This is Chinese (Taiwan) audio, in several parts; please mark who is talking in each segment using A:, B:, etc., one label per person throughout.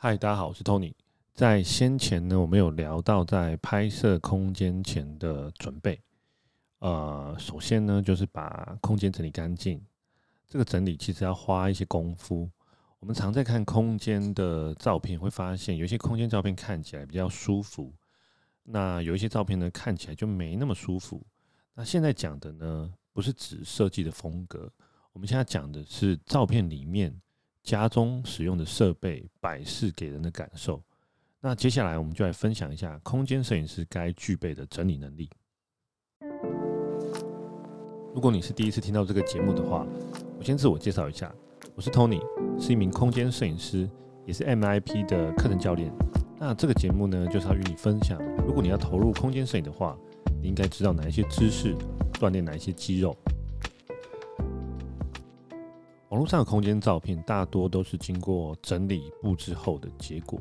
A: 嗨，Hi, 大家好，我是 Tony。在先前呢，我們有聊到在拍攝空間前的準備。呃，首先呢，就是把空間整理乾淨。這個整理其實要花一些功夫。我們常在看空間的照片，會發現有一些空間照片看起來比較舒服，那有一些照片呢，看起來就沒那麼舒服。那現在講的呢，不是指設計的風格，我們現在講的是照片裡面。家中使用的設備、擺飾給人的感受。那接下來我們就來分享一下空間攝影師該具備的整理能力。如果你是第一次聽到這個節目的話，我先自我介紹一下，我是 Tony，是一名空間攝影師，也是 MIP 的課程教練。那這個節目呢，就是要與你分享，如果你要投入空間攝影的話，你應該知道哪一些知識，鍛鍊哪一些肌肉。網絡上的空間照片大多都是經過整理布置後的結果。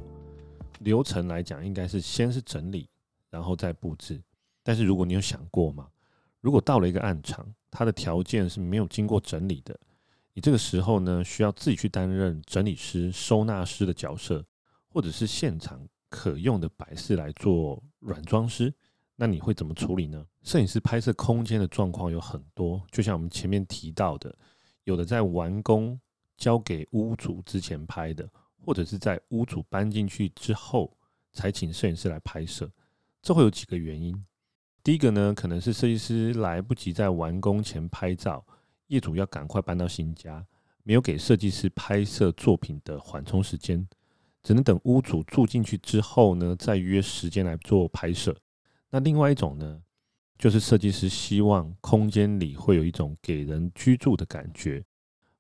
A: 流程來講，應該是先是整理，然後再布置。但是如果你有想過嗎？如果到了一個案場，它的條件是沒有經過整理的，你這個時候呢，需要自己去擔任整理師、收納師的角色，或者是現場可用的擺飾來做軟裝師，那你會怎麼處理呢？攝影師拍攝空間的狀況有很多，就像我們前面提到的。有的在完工交給屋主之前拍的，或者是在屋主搬進去之後才請攝影師來拍攝，這會有幾個原因。第一個呢，可能是設計師來不及在完工前拍照，業主要趕快搬到新家，沒有給設計師拍攝作品的緩衝時間，只能等屋主住進去之後呢，再約時間來做拍攝。那另外一種呢？就是設計師希望空間裡會有一種給人居住的感覺，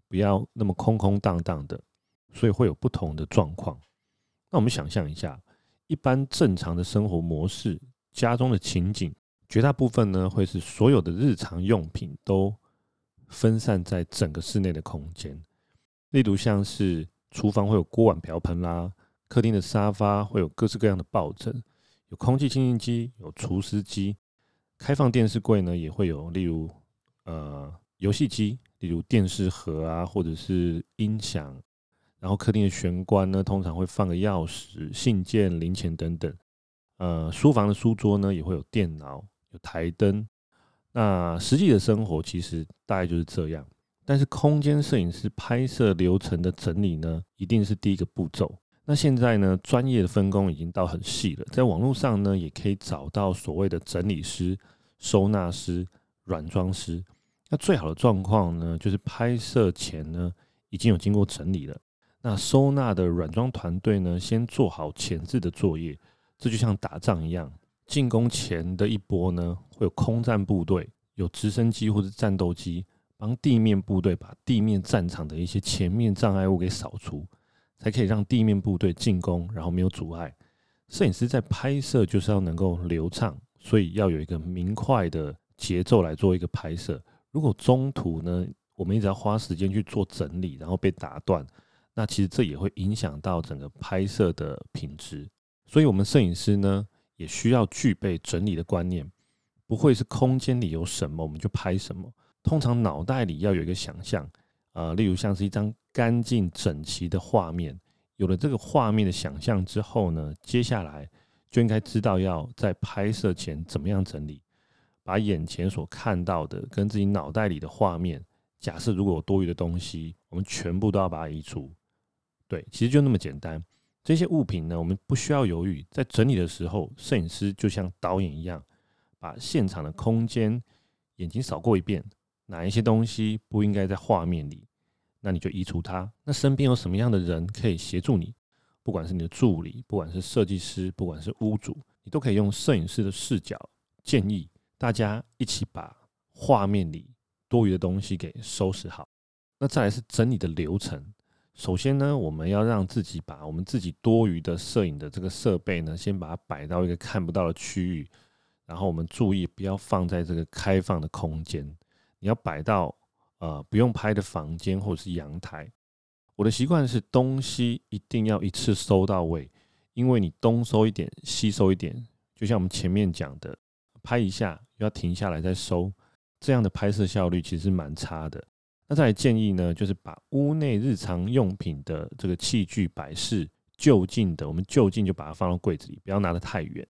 A: 不要那麼空空蕩蕩的，所以會有不同的狀況。那我們想象一下，一般正常的生活模式，家中的情景，絕大部分呢，會是所有的日常用品都分散在整個室內的空間，例如像是廚房會有鍋碗瓢盆啦，客廳的沙發會有各式各樣的抱枕，有空氣清淨機，有除濕機。開放電視櫃呢也會有，例如呃遊戲機，例如電視盒啊，或者是音響。然後客廳的玄關呢，通常會放個鑰匙、信件、零錢等等。呃，書房的書桌呢也會有電腦、有台燈。那實際的生活其實大概就是這樣，但是空間攝影師拍攝流程的整理呢，一定是第一個步驟。那現在呢，專業的分工已經到很細了，在網絡上呢，也可以找到所謂的整理師、收納師、軟裝師。那最好的狀況呢，就是拍攝前呢已經有經過整理了。那收納的軟裝團隊呢，先做好前置的作業，這就像打仗一樣，進攻前的一波呢，會有空戰部隊，有直升機或是戰鬥機，幫地面部隊把地面戰場的一些前面障礙物給掃除。才可以讓地面部隊進攻，然後沒有阻礙。攝影師在拍攝就是要能夠流暢，所以要有一個明快的節奏來做一個拍攝。如果中途呢，我們一直要花時間去做整理，然後被打斷，那其實這也會影響到整個拍攝的品質。所以，我們攝影師呢，也需要具備整理的觀念，不會是空間裡有什麼我們就拍什麼。通常腦袋裡要有一個想象。啊、呃，例如像是一張乾淨整齊的畫面，有了這個畫面的想象之後呢，接下來就應該知道要在拍攝前怎麼樣整理，把眼前所看到的跟自己腦袋裡的畫面，假設如果有多餘的東西，我們全部都要把它移除。對，其實就那麼簡單。這些物品呢，我們不需要猶豫，在整理的時候，攝影師就像導演一樣，把現場的空間眼睛掃過一遍，哪一些東西不應該在畫面裡？那你就移除它。那身邊有什麼樣的人可以協助你？不管是你的助理，不管是設計師，不管是屋主，你都可以用攝影師的視角建議大家一起把畫面裡多餘的東西給收拾好。那再來是整理的流程。首先呢，我們要讓自己把我們自己多餘的攝影的這個設備呢，先把它擺到一個看不到的區域。然後我們注意不要放在這個開放的空間，你要擺到。呃，不用拍的房間或者是陽台，我的習慣是東西一定要一次收到位，因為你東收一點，西收一點，就像我們前面講的，拍一下要停下來再收，這樣的拍攝效率其實是蠻差的。那再來建議呢，就是把屋內日常用品的這個器具擺飾就近的，我們就近就把它放到櫃子裡，不要拿得太遠。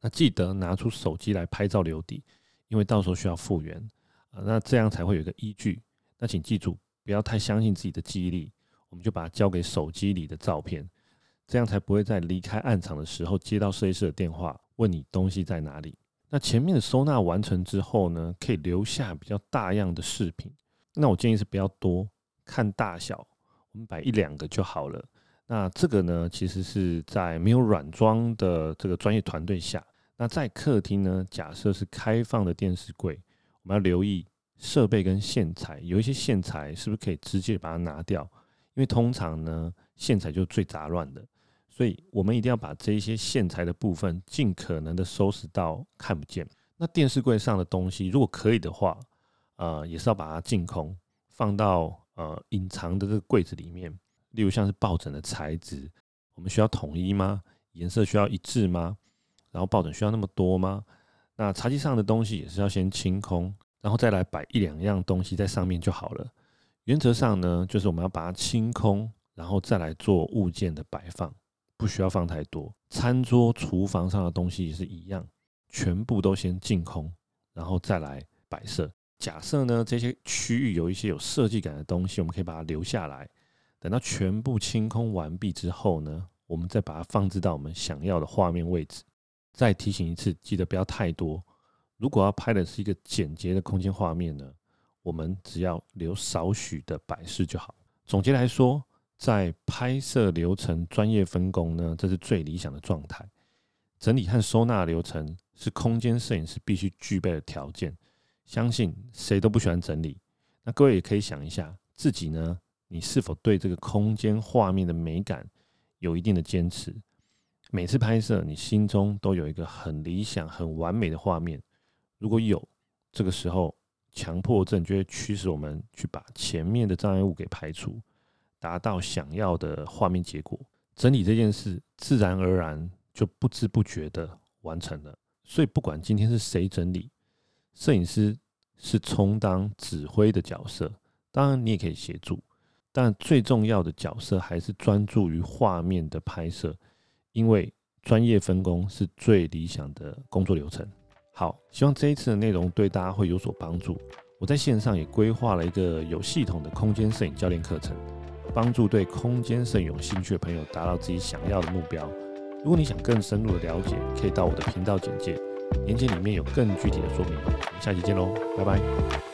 A: 那記得拿出手機來拍照留底，因為到時候需要復原。啊，那這樣才會有一個依據。那請記住，不要太相信自己的記憶力，我們就把它交給手機裡的照片，這樣才不會在離開案場的時候接到設計師的電話問你東西在哪裡。那前面的收納完成之後呢，可以留下比較大樣的飾品。那我建議是不要多，看大小，我們擺一兩個就好了。那這個呢，其實是在沒有軟裝的這個專業團隊下，那在客廳呢，假設是開放的電視櫃。我們要留意設備跟線材，有一些線材是不是可以直接把它拿掉？因為通常呢，線材就是最雜亂的，所以我們一定要把這一些線材的部分盡可能的收拾到看不見。那電視櫃上的東西，如果可以的話，啊，也是要把它淨空，放到呃隱藏的這個櫃子裡面。例如像是抱枕的材質，我們需要統一嗎？顏色需要一致嗎？然後抱枕需要那麼多嗎？那茶幾上的東西也是要先清空，然後再來擺一兩樣東西在上面就好了。原則上呢，就是我們要把它清空，然後再來做物件的擺放，不需要放太多。餐桌、廚房上的東西也是一樣，全部都先淨空，然後再來擺設。假設呢，這些區域有一些有設計感的東西，我們可以把它留下來，等到全部清空完畢之後呢，我們再把它放置到我們想要的畫面位置。再提醒一次，記得不要太多。如果要拍的是一個簡潔的空間畫面呢，我們只要留少許的擺飾就好。總結來說，在拍攝流程、專業分工呢，這是最理想的狀態。整理和收納流程是空間攝影師必須具備的條件。相信誰都不喜歡整理。那各位也可以想一下，自己呢，你是否對這個空間畫面的美感有一定的堅持？每次拍攝，你心中都有一個很理想、很完美的畫面。如果有，這個時候強迫症就會驅使我們去把前面的障礙物給排除，達到想要的畫面結果。整理這件事自然而然就不知不覺地完成了。所以，不管今天是誰整理，攝影師是充當指揮的角色。當然，你也可以協助，但最重要的角色還是專注於畫面的拍攝。因為專業分工是最理想的工作流程。好，希望這一次的內容對大家會有所幫助。我在線上也規劃了一個有系統的空間攝影教練課程，幫助對空間攝影有興趣的朋友達到自己想要的目標。如果你想更深入的了解，可以到我的頻道簡介，鏈接裡面有更具體的說明。我們下期見嘍，拜拜。